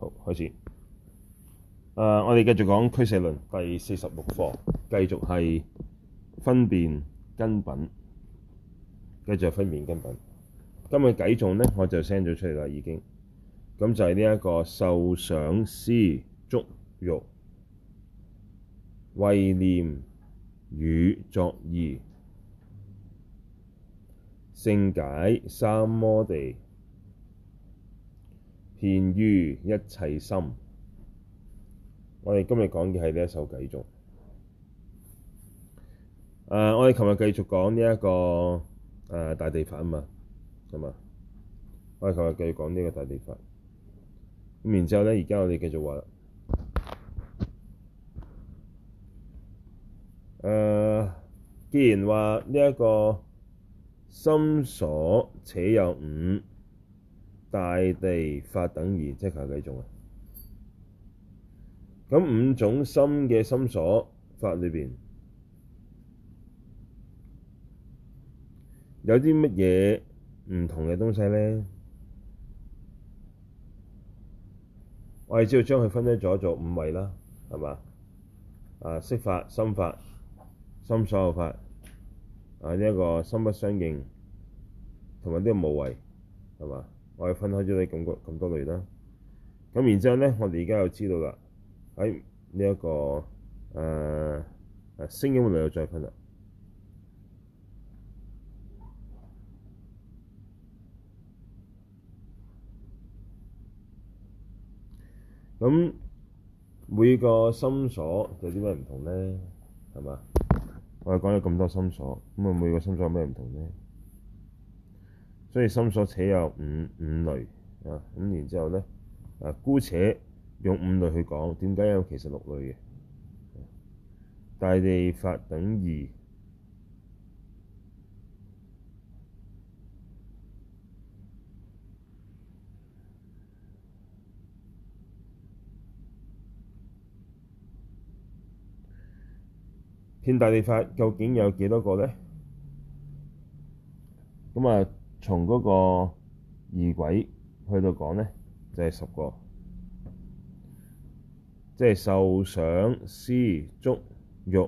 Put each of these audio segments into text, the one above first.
好，開始。誒、呃，我哋繼續講俱舍論第四十六課，繼續係分別根品，繼續分別根品。今日繼續咧，我就 send 咗出嚟啦，已經。咁就係呢一個受想思觸欲，慧念與作意，勝解三摩地。遍於一切心，我哋今日講嘅係呢一首偈頌。誒、呃，我哋琴日繼續講呢、這、一個誒、呃、大地法啊嘛，係嘛？我哋琴日繼續講呢個大地法，咁然之後咧，而家我哋繼續話，誒、呃，既然話呢一個心所且有五。大地法等異，即係幾種啊？咁五種心嘅心所法裏邊有啲乜嘢唔同嘅東西咧？我哋只要將佢分咗做五位啦，係嘛？啊，色法、心法、心所法啊，一、這個心不相應，同埋啲無為，係嘛？我哋分開咗你咁多咁多類啦，咁然之後咧，我哋而家又知道啦，喺呢一個誒、呃、聲音嘅類又再分啦。咁每個心所有啲咩唔同咧？係嘛？我哋講咗咁多心所，咁啊每個心所有咩唔同咧？所以心所且有五五類啊，咁然後之後呢，誒、啊、姑且用五類去講，點解有其實六類嘅大地法等異，遍大地法，究竟有幾多個呢？咁啊？從嗰個二軌去到講呢，就係、是、十個，即係受想思觸欲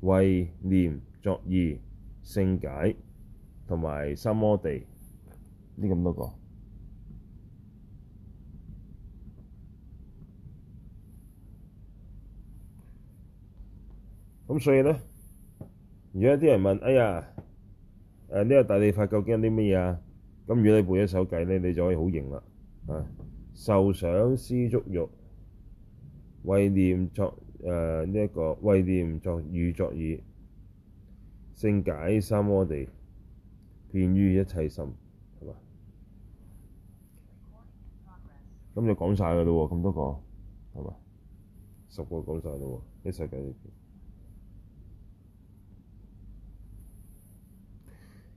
慧念作意勝解同埋三摩地，呢咁多個。咁所以呢，如果有啲人問，哎呀～誒呢、呃，這個大地法究竟有啲乜嘢啊？咁如果你背一首偈咧，你就可以好型啦。啊，受想思觸欲，慧念作，誒呢一個慧念作與作意，勝解三摩地，遍於一切心，係嘛？咁就講晒嘅啦喎，咁多個係嘛？十個講晒嘅啦喎，一齊計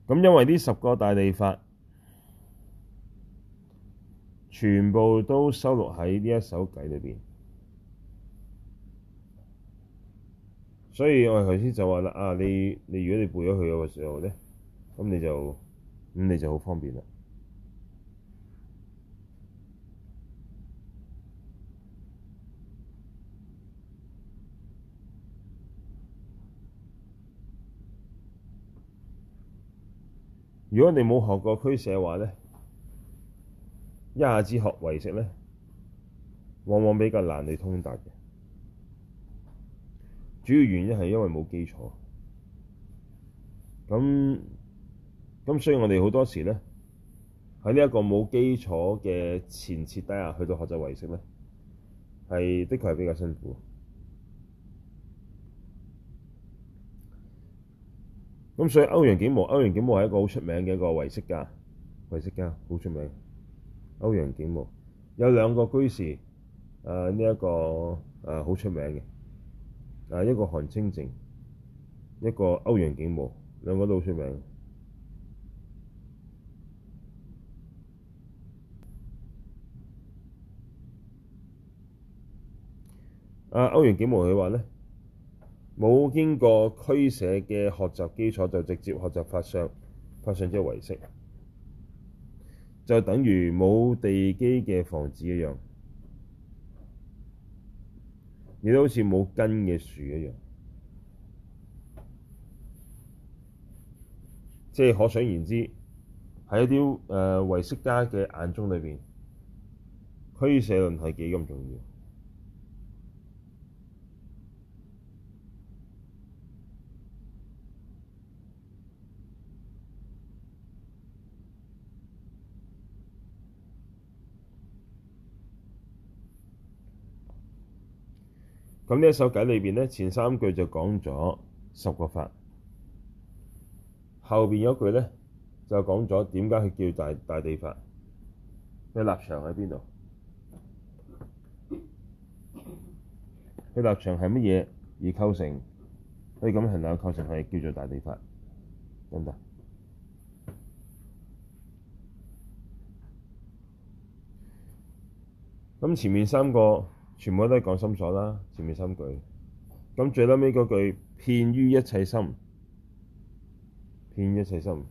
咁因為呢十個大地法，全部都收錄喺呢一首偈裏邊，所以我哋頭先就話啦，啊你你如果你背咗佢嘅時候咧，你就你就好方便啦。如果你冇學過俱舍嘅話咧，一下子學唯識咧，往往比較難佢通達嘅。主要原因係因為冇基礎，咁咁所以我哋好多時咧喺呢一個冇基礎嘅前設底下，去到學習唯識咧，係的確係比較辛苦。咁所以歐陽竟無，歐陽竟無係一個好出名嘅一個唯識㗎，唯識㗎好出名。歐陽竟無有兩個居士，誒呢一個誒好、呃、出名嘅，誒一個韓清淨，一個歐陽竟無，兩個都好出名。阿歐陽竟無佢話咧。冇經過俱舍嘅學習基礎就直接學習法相，法相即係唯識，就等於冇地基嘅房子一樣，亦都好似冇根嘅樹一樣。即係可想而知，喺一啲誒唯識家嘅眼中裏邊，俱舍論係幾咁重要。咁呢一首偈裏面咧，前三句就講咗十個法，後面有一句呢就講咗點解佢叫大大地法，佢立場喺邊度？佢立場係乜嘢而構成？可以咁衡量構成係叫做大地法，得唔得？咁前面三個。全部都係講心所啦，前面三句，咁最尾嗰句，遍於一切心，遍於一切心，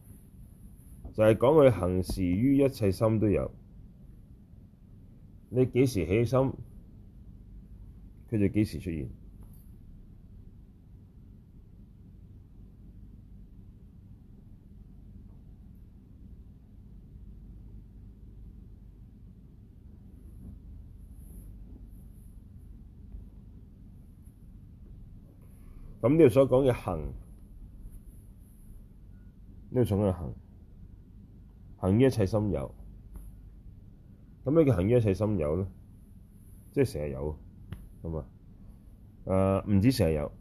就係講佢行事於一切心都有。你幾時起心，佢就幾時出現。咁呢度所講嘅恒，呢個所講嘅恒，恒於一切心有。咁呢、呃這個恒於一切心有咧，即係成日有，係啊，誒唔止成日有。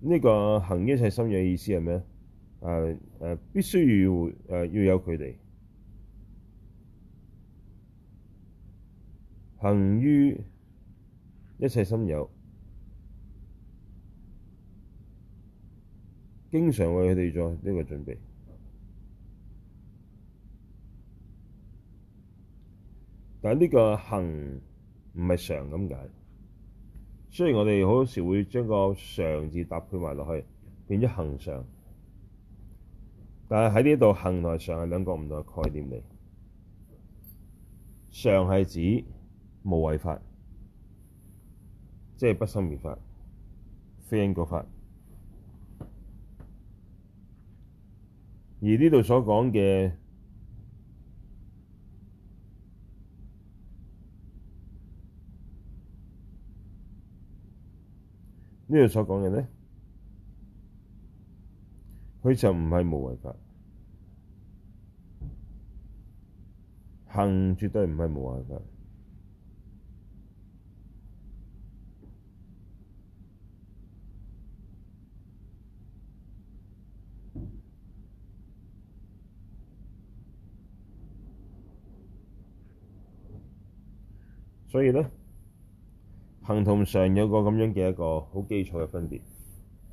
呢個恒於一切心有嘅意思係咩？誒、呃、誒、呃、必須要誒、呃、要有佢哋，恒於一切心有。經常為佢哋做呢個準備，但係呢個恒唔係常咁解。雖然我哋好多時會將個常字搭配埋落去，變咗恒常，但係喺呢度恒同常係兩個唔同嘅概念嚟。常係指無為法，即係不生滅法、非因果法。而呢度所講嘅，呢度所講嘅呢，佢就唔係無為法，恒絕對唔係無為法。所以呢，恒同常有個咁樣嘅一個好基礎嘅分別。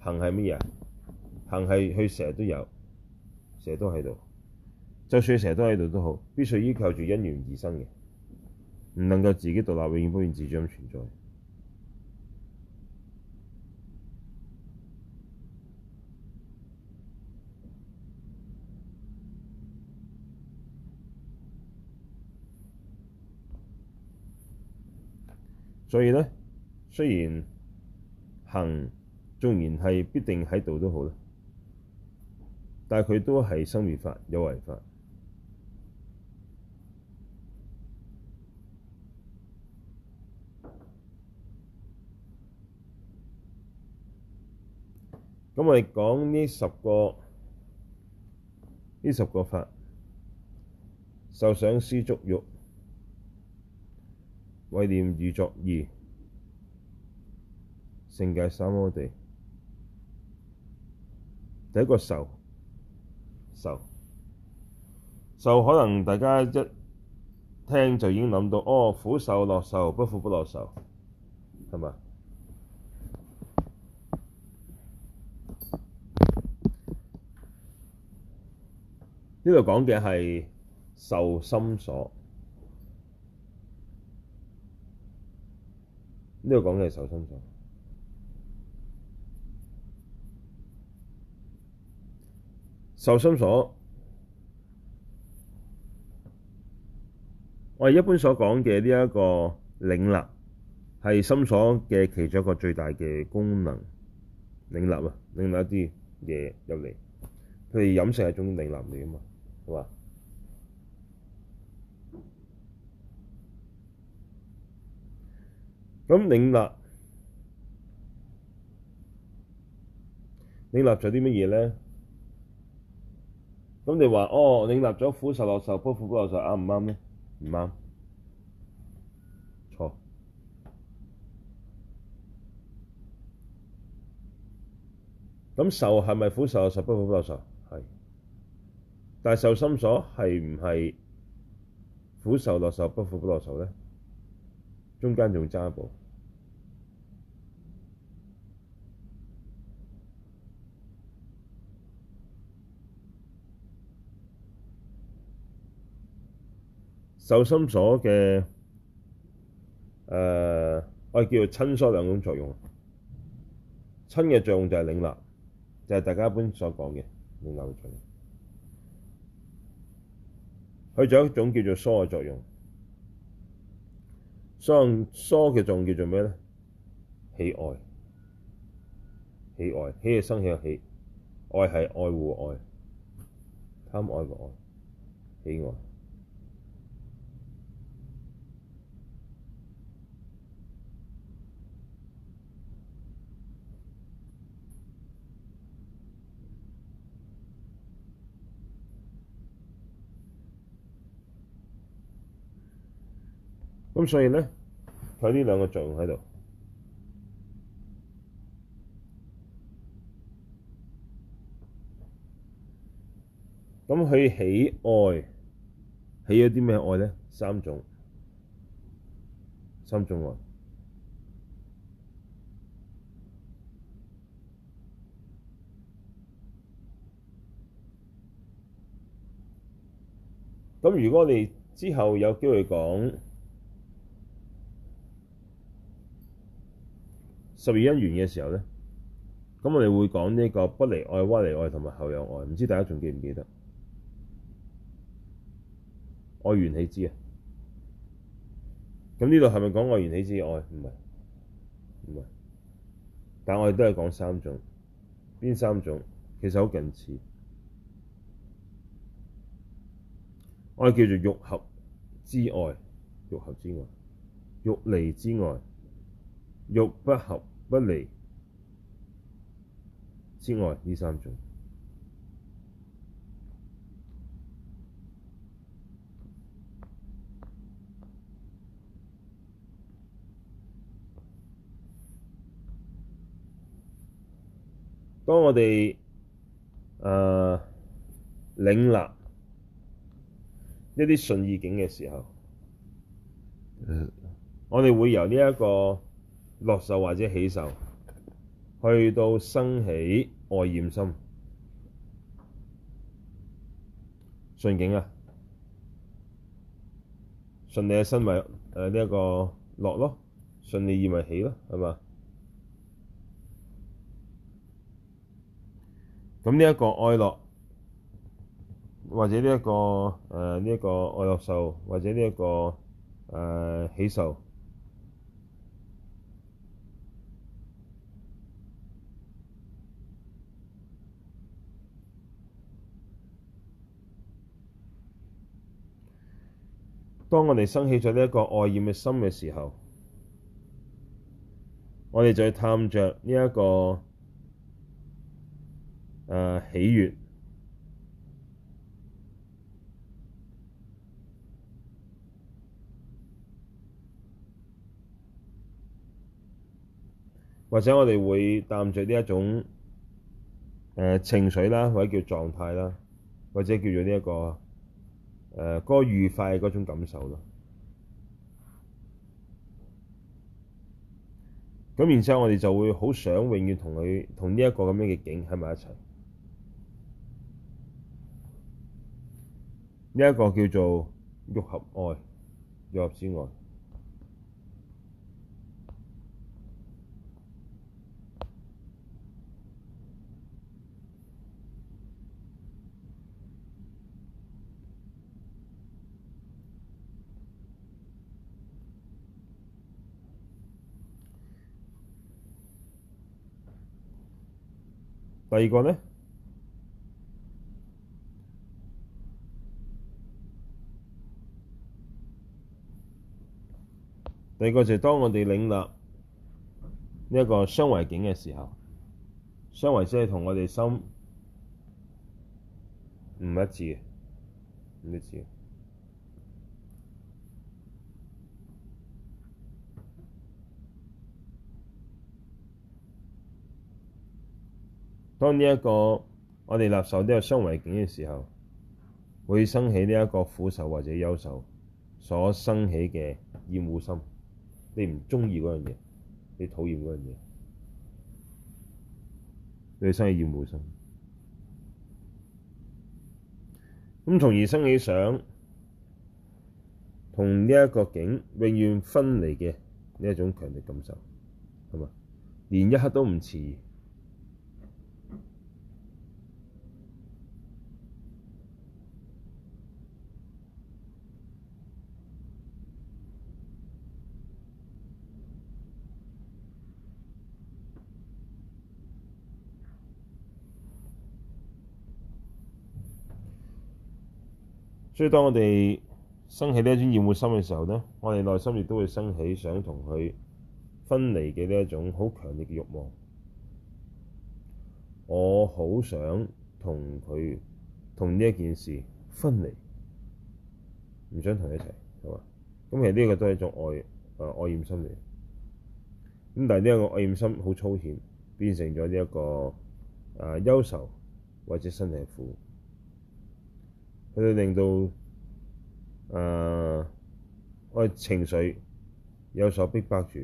恒係乜嘢？恒係佢成日都有，成日都喺度。就算佢成日都喺度都好，必須依靠住因緣而生嘅，唔能夠自己獨立，永遠都唔自主咁存在。所以呢，雖然恒縱然係必定喺度都好啦，但佢都係生滅法，有為法。咁我哋講呢十個，呢十個法，受想思觸欲。慧念與作意，勝解三摩地。第一個受，受，受可能大家一聽就已經諗到，哦，苦受樂受，不苦不樂受，係咪？呢度講嘅係受心所。呢度講嘅係受心所。受心所我哋一般所講嘅呢一個領納，係心所嘅其中一個最大嘅功能，領納啊，領納一啲嘢入嚟。譬如飲食係一種領納嚟啊嘛，係嘛？咁領納，領納咗啲乜嘢咧？咁你話哦，領納咗苦受樂受不苦不樂受，啱唔啱咧？唔啱，錯、哦。咁受係咪苦受樂受不苦不樂受？係，但係受心所係唔係苦受樂受不苦不樂受咧？中間仲爭一步，受心所嘅誒，我哋叫做親疏兩種作用。親嘅作用就係領納，就係大家一般所講嘅領納嘅作用。佢仲有一種叫做疏嘅作用。疏嘅仲叫做咩咧？喜愛，喜愛，喜係生氣嘅喜，愛係愛護嘅愛，貪愛唔愛，喜愛。咁所以咧，佢有呢兩個作用喺度。咁佢起愛，起咗啲咩愛咧？三種，三種愛。咁如果我哋之後有機會講。十二因緣嘅時候呢，咁我哋會講呢個不離愛、歪離愛同埋後有愛。唔知大家仲記唔記得愛緣起之、啊、是是愛緣起之愛？咁呢度係咪講愛緣起之愛？唔係，唔係。但係我哋都係講三種，邊三種？其實好近似。我哋叫做欲合之愛、欲合之愛、欲離之愛、欲不合。不離之愛，呢三種。當我哋啊、呃、領納一啲順意境嘅時候， 我哋會由呢、這、一個。樂受或者喜受，去到生起愛染心，順境啊，順你嘅身為誒呢一個樂咯，順你意為喜咯，係嘛？咁呢一個愛樂，或者呢一個誒呢一個愛樂受，或者呢一個誒喜受。當我哋升起咗呢一個愛染嘅心嘅時候，我哋就去探着呢一個誒、呃、喜悅，或者我哋會探着呢一種誒、呃、情緒啦，或者叫狀態啦，或者叫做呢、這、一個。誒嗰，呃那個，愉快嘅嗰種感受咯，咁然之後我哋就會好想永遠同佢同呢一個咁樣嘅境喺埋一齊，呢，這，一個叫做欲合愛，欲合之愛。第二個呢？第二個就係當我哋領納呢一個相違境嘅時候，相違即係同我哋心唔一致嘅，唔一致嘅。當呢、這、一個我哋立受呢個相違境嘅時候，會生起呢一個苦受或者憂受所生起嘅厭惡心，你唔中意嗰樣嘢，你討厭嗰樣嘢，你會生起厭惡心，咁從而生起想同呢一個境永遠分離嘅呢一種強烈感受，係嘛？連一刻都唔遲疑。所以當我哋生起呢一種厭惡心嘅時候咧，我哋內心亦都會生起想同佢分離嘅呢一種好強烈嘅慾望。我好想同佢同呢一件事分離，唔想同佢一齊，係嘛？咁其實呢個都係一種愛啊、呃、愛染心嚟。咁但係呢個愛染心好粗淺，變成咗呢一個啊、呃、憂愁或者身體苦。佢哋令到、呃、情緒有所逼迫住，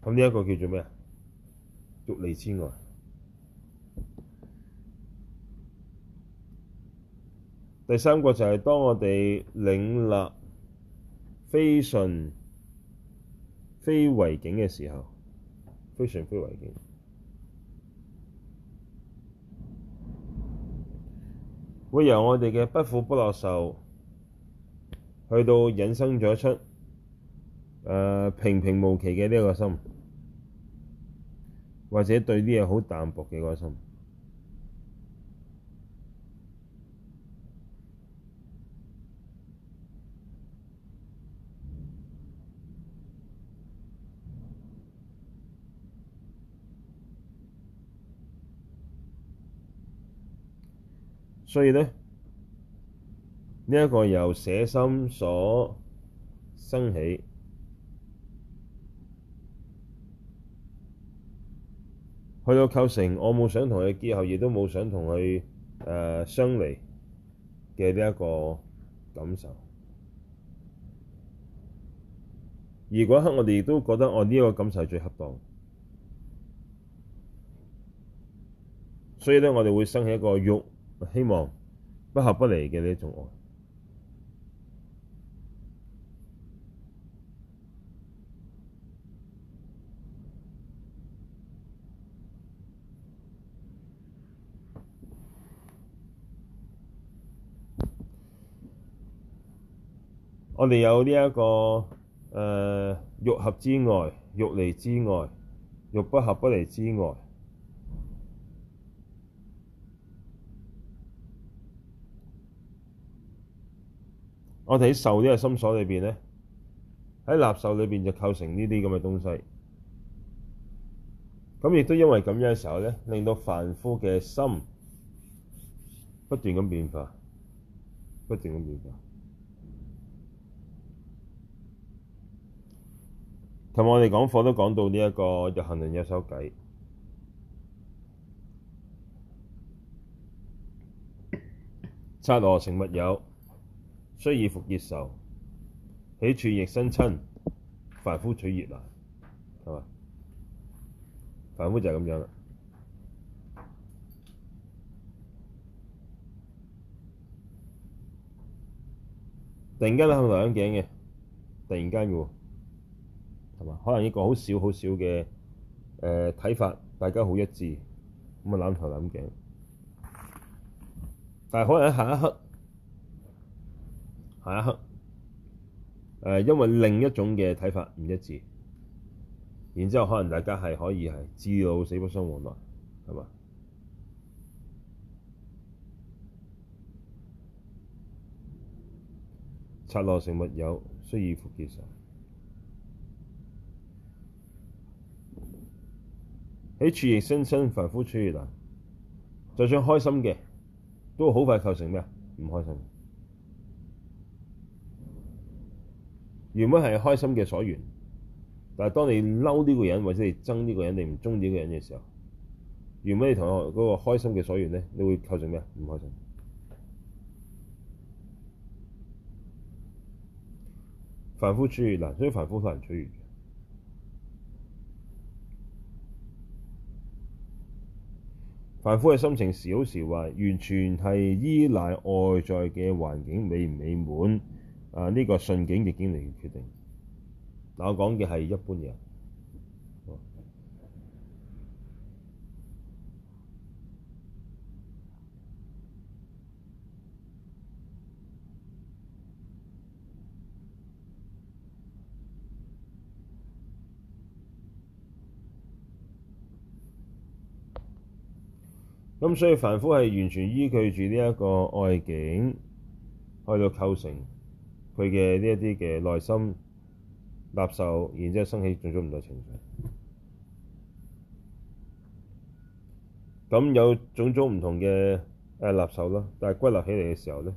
咁呢一個叫做咩啊？欲離之愛，第三個就係、是、當我哋領納非順非違境嘅時候，非順非違境，會由我哋嘅不苦不樂受，去到引生咗出、呃、平平無奇嘅呢個心，或者對啲嘢好淡薄嘅嗰個心。所以呢，呢、這、一個由捨心所生起，去到構成我冇想同佢結合，亦都冇想同佢誒相離嘅呢一個感受。而嗰一刻我哋亦都覺得我呢、哦這個感受係最恰當，所以呢，我哋會生起一個慾。希望不合不離嘅呢一種愛我們，這個，我哋有呢一個誒欲合之愛、欲離之愛、欲不合不離之愛。我哋喺受呢個心所裏邊呢，喺納受裏邊就構成呢啲咁嘅東西。咁亦都因為咁樣嘅時候呢，令到凡夫嘅心不斷咁變化，不斷咁變化。同我哋講課都講到呢、這、一個入行論入手偈，剎那成密友。須臾復結仇，喜處亦生瞋。凡夫取悅難，係嘛？凡夫就係咁樣。突然間咧，佢攬頸嘅，突然間嘅，係嘛？可能一個好少好少嘅，誒、呃、睇法，大家好一致，咁啊攬頭攬頸。但係可能下一刻。下一刻、呃，因為另一種嘅睇法唔一致，然之後可能大家係可以係知老死不相往來，係嘛？剎那成密友，須臾復結仇。喜處亦生瞋，凡夫取悅難。就算開心嘅，都好快構成咩啊？唔開心。原本係開心嘅所緣，但係當你嬲呢個人，或者你憎呢個人，你唔中意呢個人嘅時候，原本你同嗰個開心嘅所緣呢，你會構成咩啊？唔開心。凡夫吹完，所以凡夫同人吹完，凡夫嘅心情時好時壞，完全係依賴外在嘅環境美唔美滿。啊！呢、這個順境逆境嚟決定，但我講嘅係一般人。咁、哦、所以凡夫係完全依據住呢一個外境去到構成。佢嘅呢一啲嘅內心納受，然之後升起種種唔同嘅情緒，咁有種種唔同嘅誒納受咯。但係歸納起嚟嘅時候咧，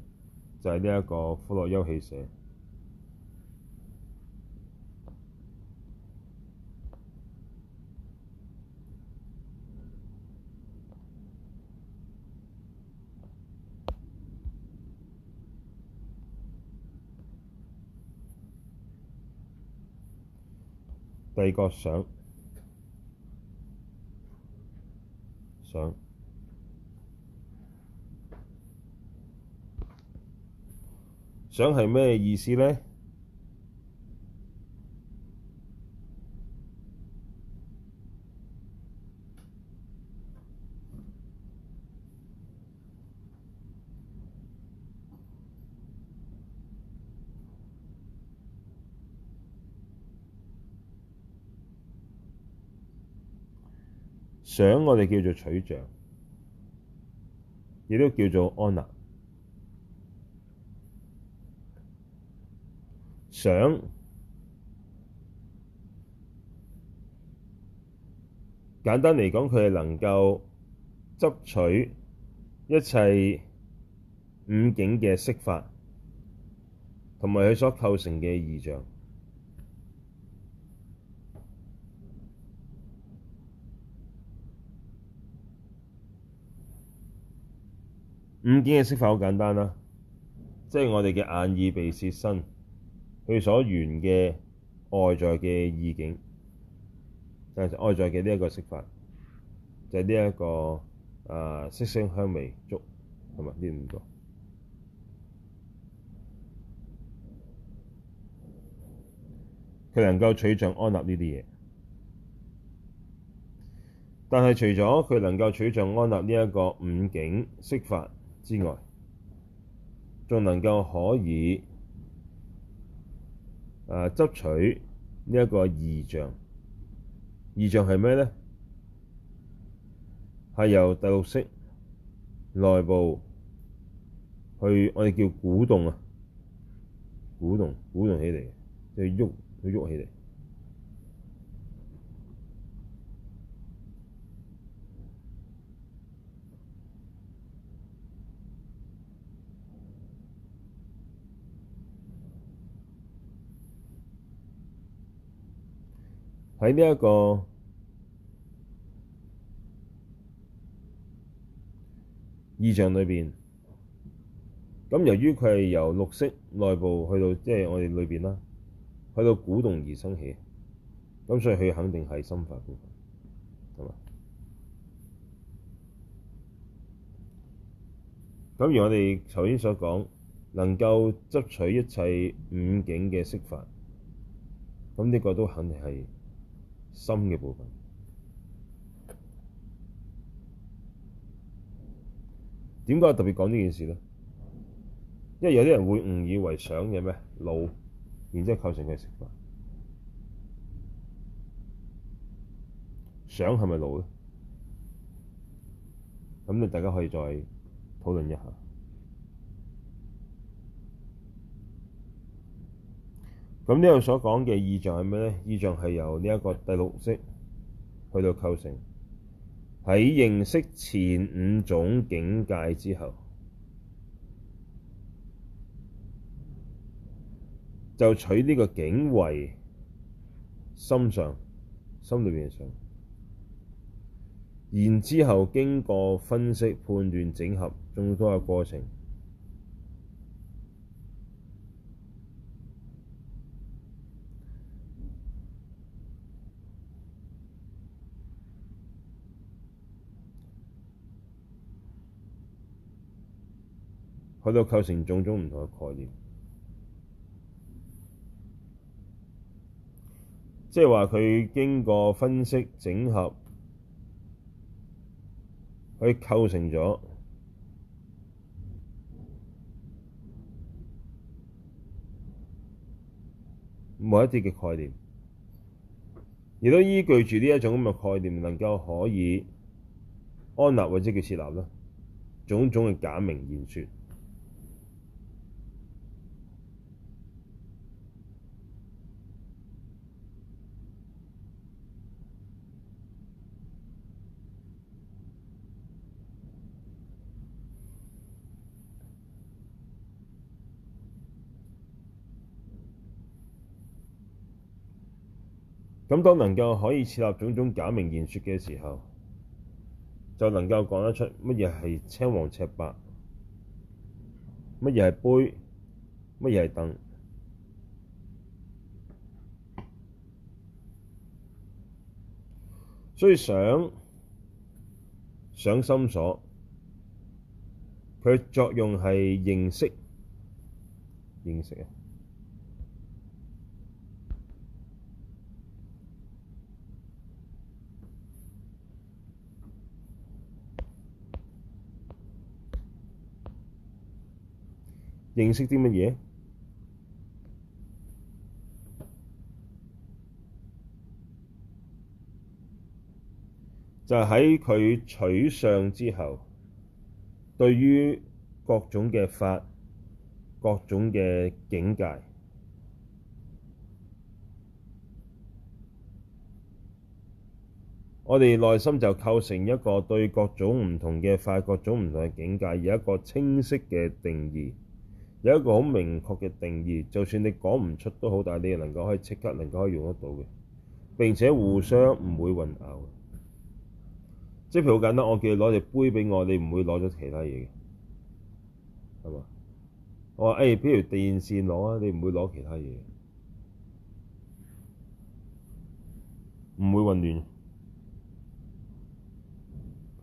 就係呢一個苦樂憂喜捨。第二個想，想，想係咩意思呢？想我哋叫做取像，亦都叫做安立。想簡單嚟講，佢係能夠執取一切五境嘅色法，同埋佢所構成嘅義象。五境嘅色法好簡單啦，即係我哋嘅眼耳鼻舌身，佢所緣嘅外在嘅意境，就係外在嘅呢一個色法，就係呢一個啊、呃、色聲香味觸，係咪呢五個？佢能夠取象安立呢啲嘢，但係除咗佢能夠取象安立呢一個五境色法。之外，仲能夠可以誒、呃、執取呢一個義象。義象係咩咧？係由第六識內部去我哋叫鼓動啊，鼓動鼓動起嚟，去喐去喐起嚟。喺呢一個義象裏邊，咁由於佢係由六識內部去到，即係我哋裏邊啦，去到鼓動而升起，咁所以佢肯定係心法部分，係嘛？咁如我哋頭先所講，能夠執取一切五境嘅色法，咁呢個都肯定係。心嘅部分，點解特別講呢件事呢？因為有啲人會誤以為想嘅咩腦，然之後構成嘅食物。想係咪腦咧？咁你大家可以再討論一下。咁呢度所講嘅義象係咩呢？義象係由呢一個第六識去到構成，喺認識前五種境界之後，就取呢個境為心相、心裏面上，然之後經過分析、判斷、整合眾多嘅過程。佢都構成種種唔同嘅概念，即係話佢經過分析整合，佢以構成咗某一啲嘅概念，亦都依據住呢一種咁嘅概念，能夠可以安立或者叫設立啦，種種嘅假名言說。咁當能夠可以設立種種假名言説嘅時候，就能夠講得出乜嘢係青黃赤白，乜嘢係杯，乜嘢係凳。所以想想心所，佢嘅作用係認識，認識啊。認識啲乜嘢？就係喺佢取相之後，對於各種嘅法、各種嘅境界，我哋內心就構成一個對各種唔同嘅法、各種唔同嘅境界有一個清晰嘅定義。有一個好明確嘅定義，就算你講唔出都好，但係你又能夠可以即刻能夠用得到嘅，並且互相唔會混淆。即係譬如好簡單，我叫你攞隻杯俾我，你唔會攞咗其他嘢嘅，係嘛？我話誒、欸，譬如電線攞啊，你唔會攞其他嘢，唔、嗯、會混亂。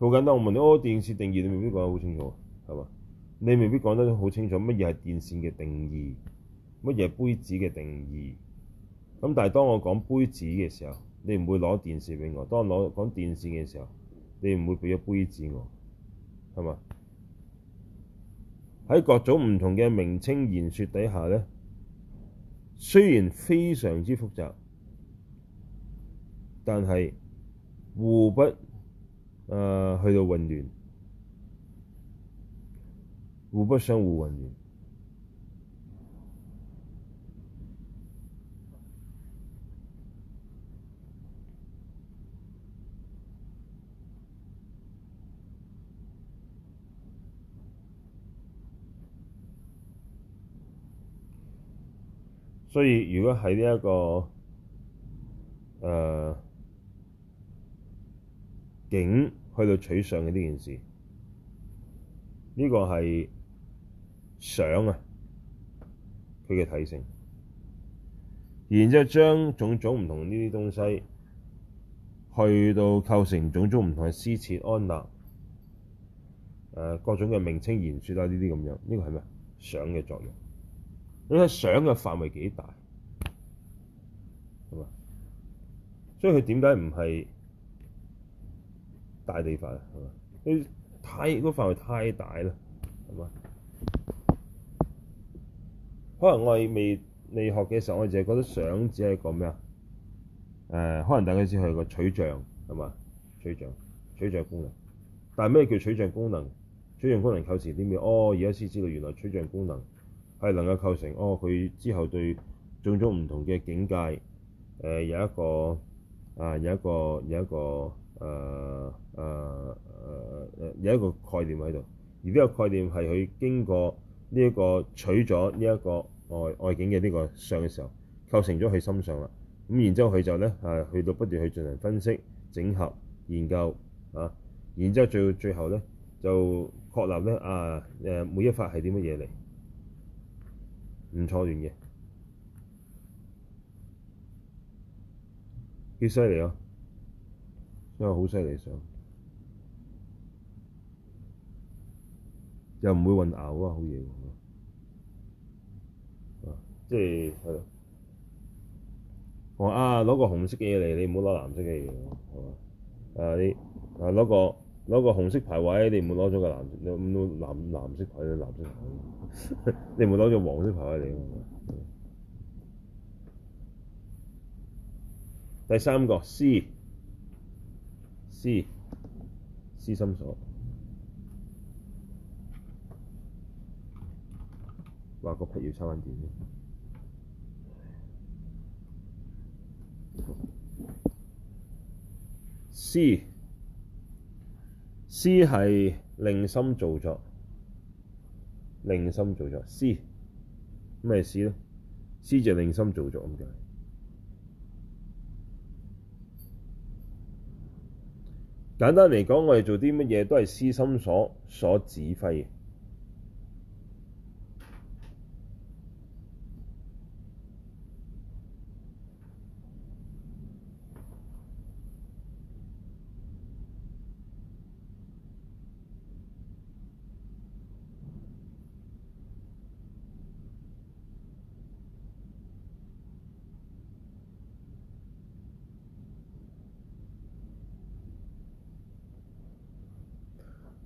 好簡單，我問你，哦，電線定義你未必講得好清楚，係嘛？你未必講得好清楚乜嘢係電線嘅定義，乜嘢係杯子嘅定義。咁但係當我講杯子嘅時候，你唔會攞電視畀我；當我攞講電線嘅時候，你唔會畀咗杯子我，係嘛？喺各種唔同嘅名稱言說底下咧，雖然非常之複雜，但係互不誒、呃、去到混亂。互不相互，混亂，所以如果喺呢一個誒、呃、境去到取相嘅呢件事，呢、呢個係。想啊，佢嘅體性，然之後將種種唔同呢啲東西，去到構成種種唔同嘅施設安立，誒、呃、各種嘅名稱言說啊呢啲咁樣，呢、這個係咩？想嘅作用，你睇想嘅範圍幾大，係嘛？所以佢點解唔係大地法啊？係嘛？佢太嗰範圍太大啦，係嘛？可能我係未未學嘅時候，我淨係覺得想只係個咩啊？誒、呃，可能等間先係個取像係嘛？取像取像功能，但係咩叫取像功能？取像功能構成啲咩？哦，而家先知道原來取像功能係能夠構成哦，佢之後對種種唔同嘅境界誒、呃、有一個啊、呃、有一個有一個誒誒誒有一個概念喺度，而呢個概念係佢經過呢一個取咗呢一個。外外景嘅呢個相嘅時候，構成咗佢心相啦。咁然之後佢就咧誒去到不斷去進行分析、整合、研究啊。然之後最最後咧就確立咧啊誒、啊、每一法係啲乜嘢嚟，唔錯亂嘅，幾犀利啊！真係好犀利！相又唔會混淆啊！好嘢。即係，我啊攞個紅色嘅嘢嚟，你唔好攞藍色嘅嘢，係嘛？啊你啊攞個攞個紅色牌位，你唔好攞咗個藍，唔好藍藍色牌位，藍色牌位， 你唔好攞咗黃色牌位嚟、啊。第三個思思思心所，話個屁要差翻點先。思思係令心造作，令心造作。思，思咩思咧？思就令心造作咁解。簡單嚟講，我哋做啲乜嘢都係思心所所指揮嘅。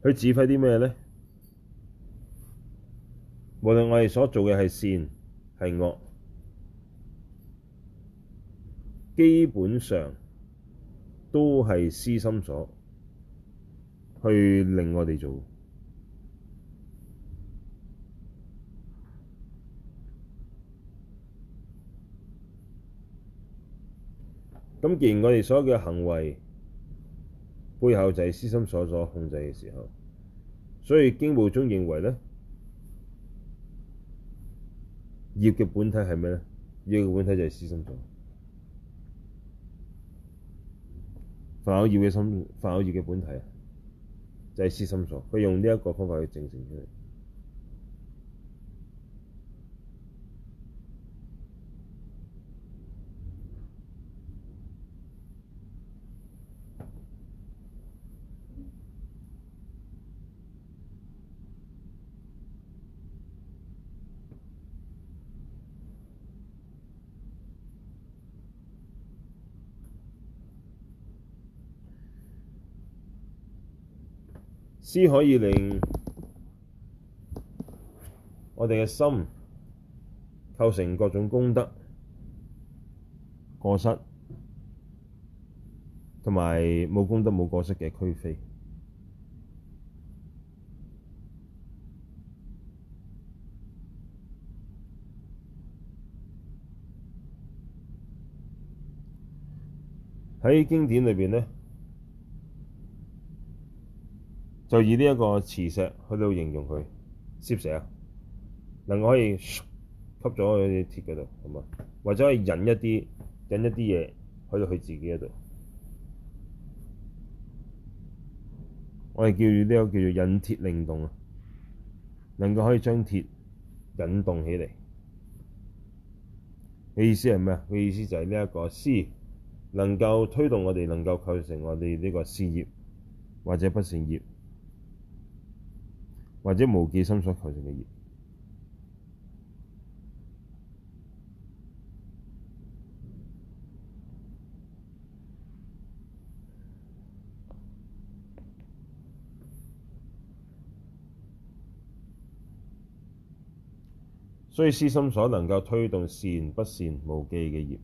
佢指揮啲咩咧？無論我哋所做嘅係善係惡，基本上都係思心所去令我哋做。咁既然我哋所有嘅行為背後就係思心所所控制嘅時候。所以經部中認為呢業嘅本體係咩呢？業嘅本體就係思心所，犯口業嘅心，犯口業嘅本體就係思心所。佢用呢一個方法去證成出嚟。只可以令我哋嘅心構成各種功德、過失，同埋冇功德冇過失嘅俱非。喺經典裏邊呢。就以呢一個磁石去到形容佢攝石啊，能夠可以吸咗啲鐵嗰度，係嘛？或者可以引一啲引一啲嘢去到佢自己嗰度。我哋叫呢個叫做引鐵令動啊，能夠可以將鐵引動起嚟。嘅意思係咩啊？嘅意思就係呢一個思能夠推動我哋，能夠構成我哋呢個思業或者不善業。或者無記心所構成嘅業，所以思心所能夠推動善、不善、無記嘅業。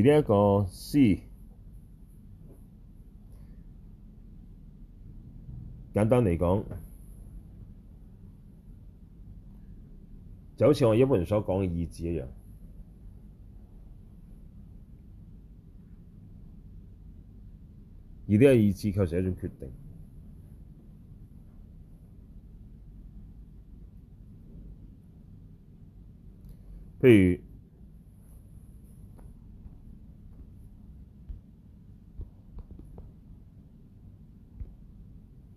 而呢一個思，簡單嚟講，就好似我一般人所講嘅意志一樣，而呢個意志構成一種決定，譬如。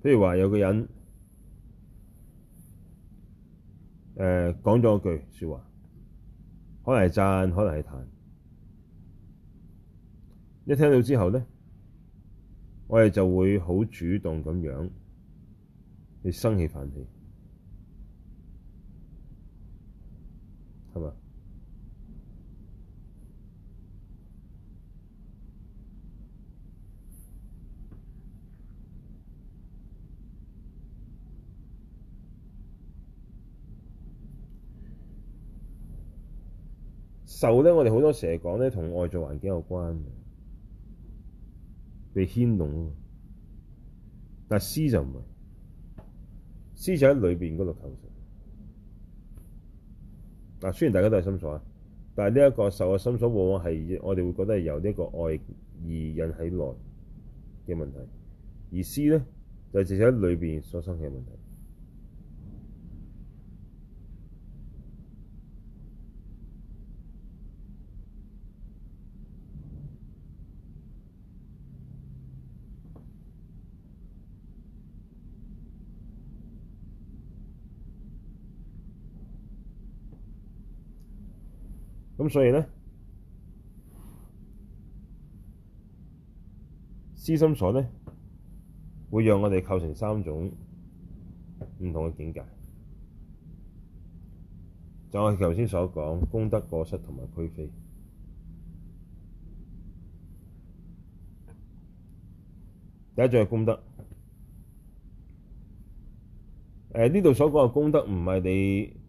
譬如話有個人，誒、呃、講咗一句説話，可能係讚，可能係彈。一聽到之後呢，我哋就會好主動咁樣去生起反應。受咧，我哋好多時講咧，同外在環境有關，被牽動。但思就唔係，思就喺裏邊嗰度構成。嗱，雖然大家都係心所，但係呢一個受嘅心所往往係我哋會覺得係由呢一個愛而引起來嘅問題，而思咧就係直接喺裏邊所生起嘅問題。咁所以呢，思心所呢，會讓我哋構成三種唔同嘅境界，就係頭先所講功德過失同埋俱非。第一種係功德，誒呢度所講嘅功德唔係你。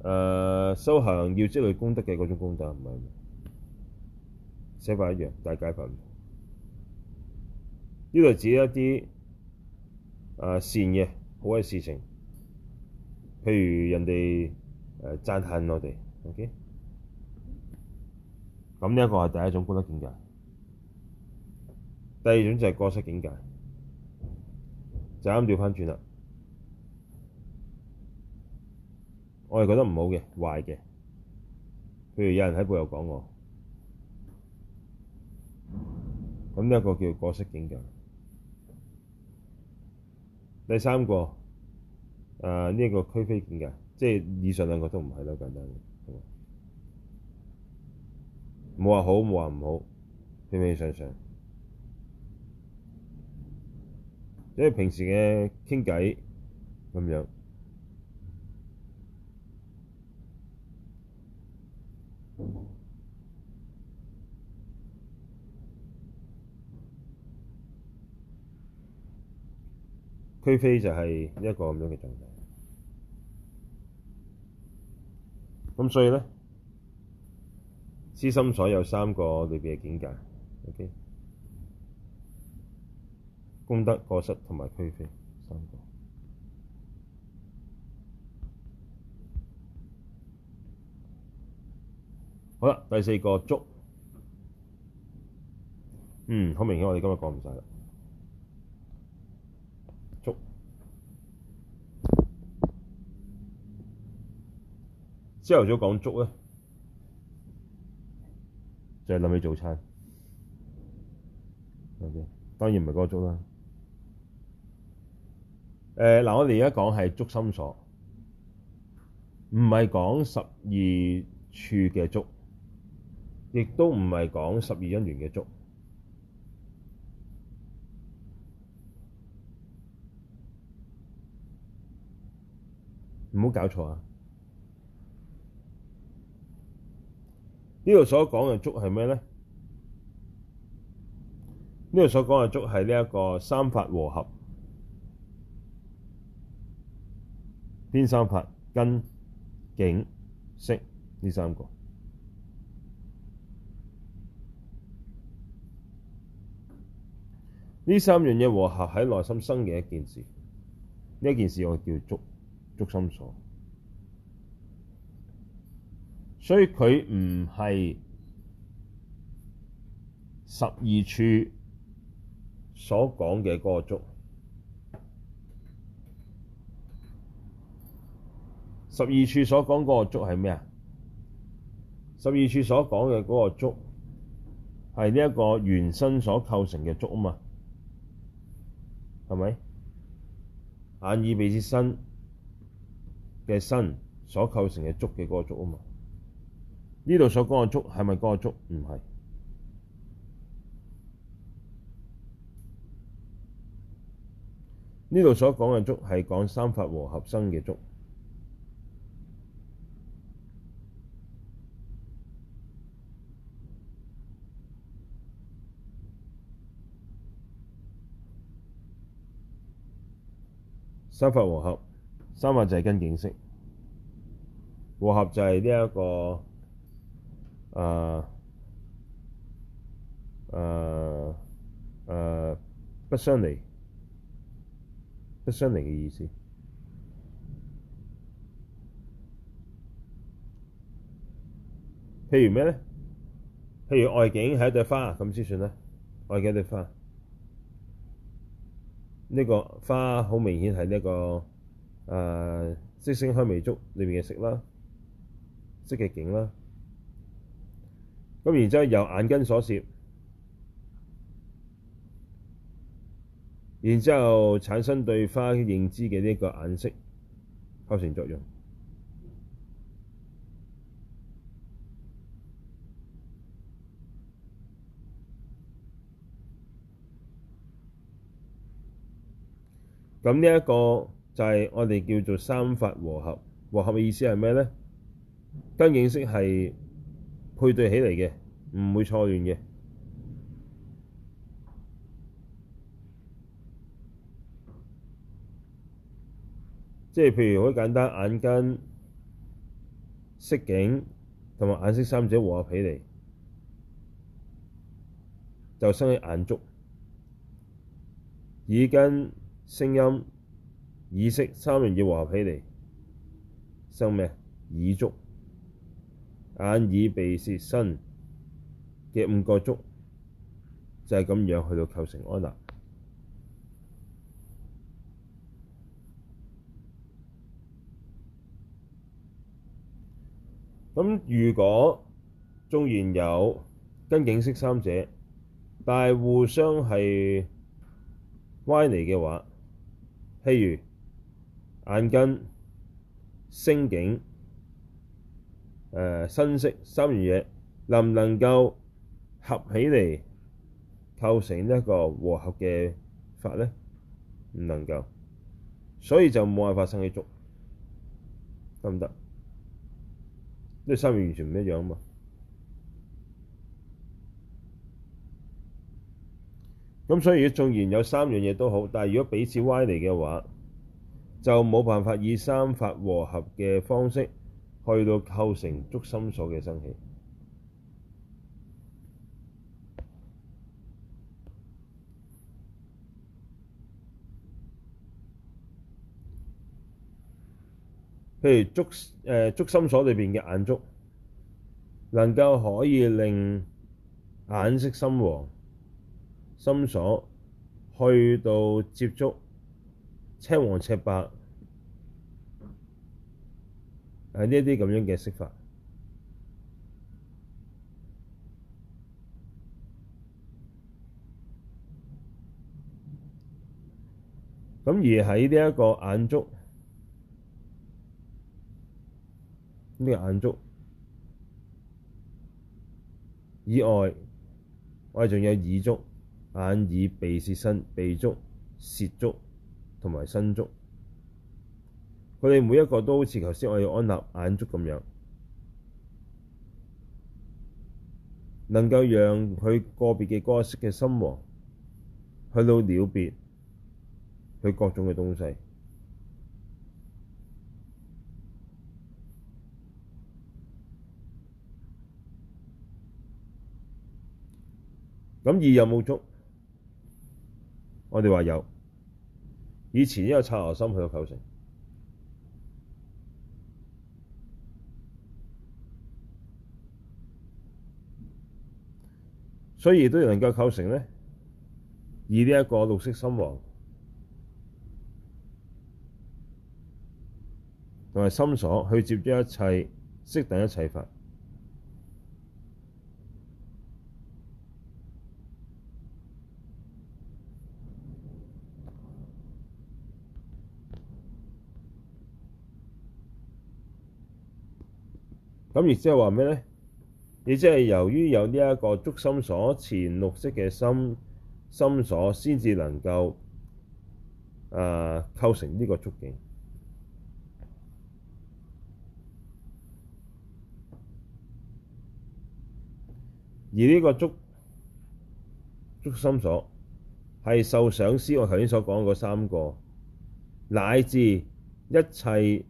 誒，uh, 修行要積累功德嘅嗰種功德唔係，寫法一樣，但係解法唔同。呢度指一啲誒、啊、善嘅好嘅事情，譬如人哋誒讚歎我哋，OK，咁呢一個係第一種功德境界，第二種就係過失境界，就咁就調返轉啦。我係覺得唔好嘅，壞嘅。譬如有人喺背後講我，咁呢一個叫過失境界。第三個，誒呢一個俱非境界，即係以上兩個都唔係咯，簡單嘅。冇話好，冇話唔好，平平常常。即係平時嘅傾偈咁樣。俱非就係呢一個咁樣嘅狀態，咁所以呢，思心所有三個裏面嘅境界，OK，功德、過失同埋俱非，三個，好啦，第四個觸，嗯，好明顯，我哋今日講唔晒啦。朝頭早講粥咧，就係諗起早餐。當然，唔係嗰個粥啦。誒、呃，嗱，我哋而家講係觸心所，唔係講十二處嘅觸，亦都唔係講十二因緣嘅觸。唔好搞錯啊！呢度所講嘅觸係咩咧？呢度所講嘅觸係呢一個三法和合，邊三法？根、境、識呢三個？呢三樣嘢和合喺內心生嘅一件事，呢一件事我叫觸，觸心所。所以佢唔係十二處所講嘅嗰個觸。十二處所講嗰個觸係咩啊？十二處所講嘅嗰個觸係呢一個原身所構成嘅觸吖嘛，係咪，眼耳鼻舌身嘅身所構成嘅觸嘅嗰個觸吖嘛？呢度所講嘅觸係咪嗰個觸？唔係。呢度所講嘅觸係講三法和合生嘅觸。三法和合，三法就係根境識，和合就係呢一個。啊啊啊！不相離，不相離嘅意思。譬如咩咧？譬如外境係一朵花咁先算啦。外境一朵花，呢、這個花好明顯係呢一個啊，即係色聲香味觸裏面嘅色啦，即色嘅境啦。咁然之後由眼根所攝，然之後產生對花嘅認知嘅呢個眼識構成作用。咁呢一個就係我哋叫做三法和合。和合嘅意思係咩咧？根境識係。配對起嚟嘅，唔會錯亂嘅。即係譬如好簡單，眼根色境同埋眼識三者和合，合起嚟，就生起眼觸；耳根聲音耳識三樣嘢和合起嚟，生咩啊？耳觸？眼耳鼻舌身嘅五個觸，就係、是、咁樣去到構成安樂。咁、嗯、如果縱然有根境識三者，但係互相係乖違嘅話，譬如眼根、聲境。誒身識三樣嘢能唔能夠合起嚟構成一個和合嘅法咧？唔能夠，所以就冇辦法生起觸得唔得？呢三樣完全唔一樣啊嘛！咁所以，縱然有三樣嘢都好，但係如果彼此乖違嘅話，就冇辦法以三法和合嘅方式。去到構成觸心所嘅生氣。譬如觸，誒觸心所裏邊嘅眼觸，能夠可以令眼識心王、心所去到接觸青黃赤白，係呢一啲咁樣嘅識法。咁而喺呢一個眼觸，呢、這個眼觸以外，我哋仲有耳觸、眼耳鼻舌身鼻觸、舌觸同埋身觸。佢哋每一個都好似頭先我哋安立眼觸咁樣，能夠讓佢個別嘅各式嘅心王去到了別佢各種嘅東西。咁而有冇觸？我哋話有，以前因為拆河心去到構成。所以亦都能夠構成呢，以呢一個綠色心王同埋心所去接觸一切色等一切法。咁亦即係話咩呢？亦即係由於有呢一個觸心所，前六識嘅心心所，先至能夠啊構成呢個觸境而個。而呢個觸觸心所係受想思，我頭先所講嗰三個乃至一切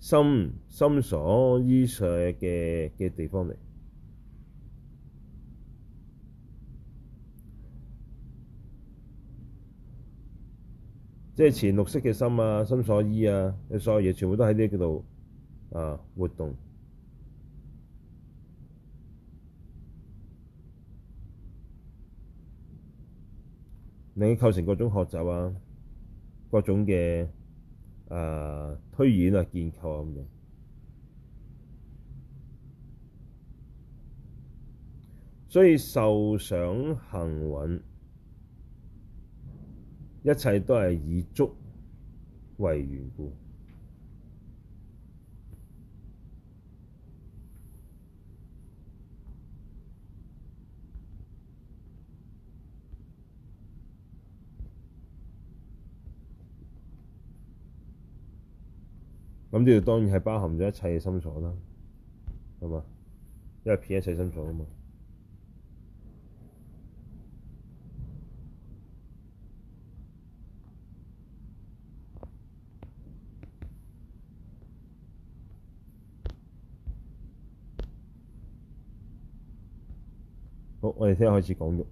心心所依上嘅嘅地方嚟。即係前六識嘅心啊、心所依啊，所有嘢全部都喺呢度啊活動，令佢構成各種學習啊、各種嘅啊推演啊、建構啊咁樣，所以受想行蘊。一切都係以觸為緣故，咁呢度當然係包含咗一切嘅心所啦，係嘛？因為遍一切心所嘛。我哋聽日開始講。